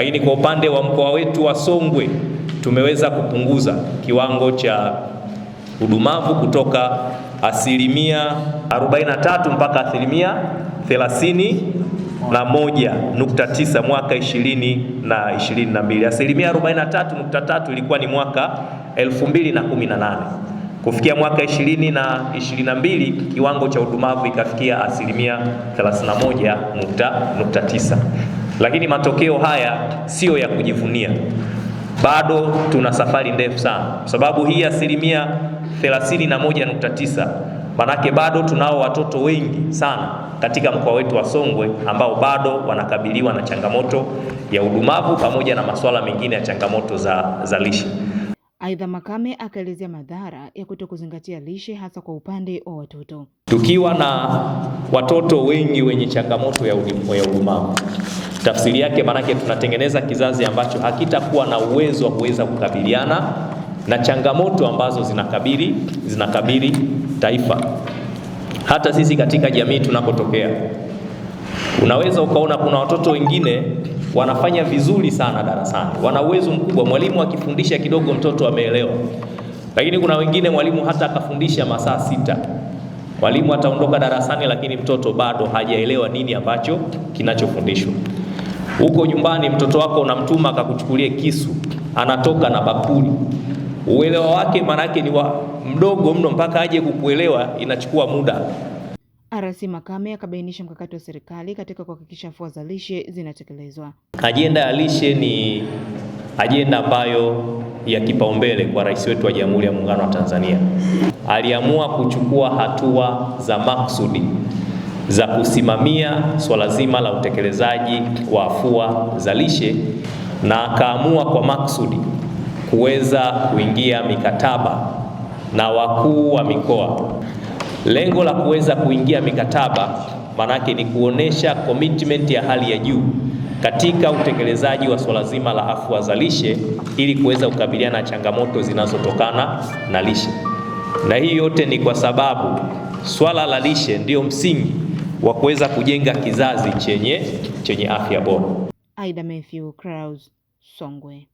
Lakini kwa upande wa mkoa wetu wa Songwe tumeweza kupunguza kiwango cha udumavu kutoka asilimia 43 mpaka asilimia 31.9 mwaka 20 na 22. Asilimia 43.3 ilikuwa ni mwaka 2018. Kufikia mwaka 20 na 22 kiwango cha udumavu ikafikia asilimia 31.9. Lakini matokeo haya siyo ya kujivunia, bado tuna safari ndefu sana, kwa sababu hii asilimia 31.9 manake bado tunao watoto wengi sana katika mkoa wetu wa Songwe ambao bado wanakabiliwa na changamoto ya udumavu pamoja na masuala mengine ya changamoto za, za lishe. Aidha, Makame akaelezea madhara ya kutokuzingatia lishe hasa kwa upande wa watoto. Tukiwa na watoto wengi wenye changamoto ya udumavu Tafsiri yake maanake, tunatengeneza kizazi ambacho hakitakuwa na uwezo wa kuweza kukabiliana na changamoto ambazo zinakabili zinakabili taifa. Hata sisi katika jamii tunakotokea, unaweza ukaona kuna watoto wengine wanafanya vizuri sana darasani, wana uwezo mkubwa, mwalimu akifundisha kidogo mtoto ameelewa, lakini kuna wengine mwalimu hata akafundisha masaa sita mwalimu ataondoka darasani, lakini mtoto bado hajaelewa nini ambacho kinachofundishwa. Huko nyumbani mtoto wako unamtuma akakuchukulie kisu, anatoka na bakuli. Uelewa wake maanake ni wa mdogo mno, mpaka aje kukuelewa inachukua muda. RC Makame akabainisha mkakati wa serikali katika kuhakikisha afua za lishe zinatekelezwa. Ajenda ya lishe ni ajenda ambayo ya kipaumbele kwa rais wetu wa Jamhuri ya Muungano wa Tanzania. Aliamua kuchukua hatua za maksudi za kusimamia swala zima la utekelezaji wa afua za lishe, na akaamua kwa maksudi kuweza kuingia mikataba na wakuu wa mikoa. Lengo la kuweza kuingia mikataba manake ni kuonesha commitment ya hali ya juu katika utekelezaji wa swala zima la afua za lishe ili kuweza kukabiliana na changamoto zinazotokana na lishe. Na hii yote ni kwa sababu swala la lishe ndiyo msingi wa kuweza kujenga kizazi chenye, chenye afya bora. Aida Matthew Clouds, Songwe.